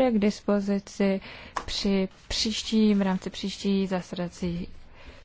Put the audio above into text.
bude k dispozici při příštím, v rámci příští zasedací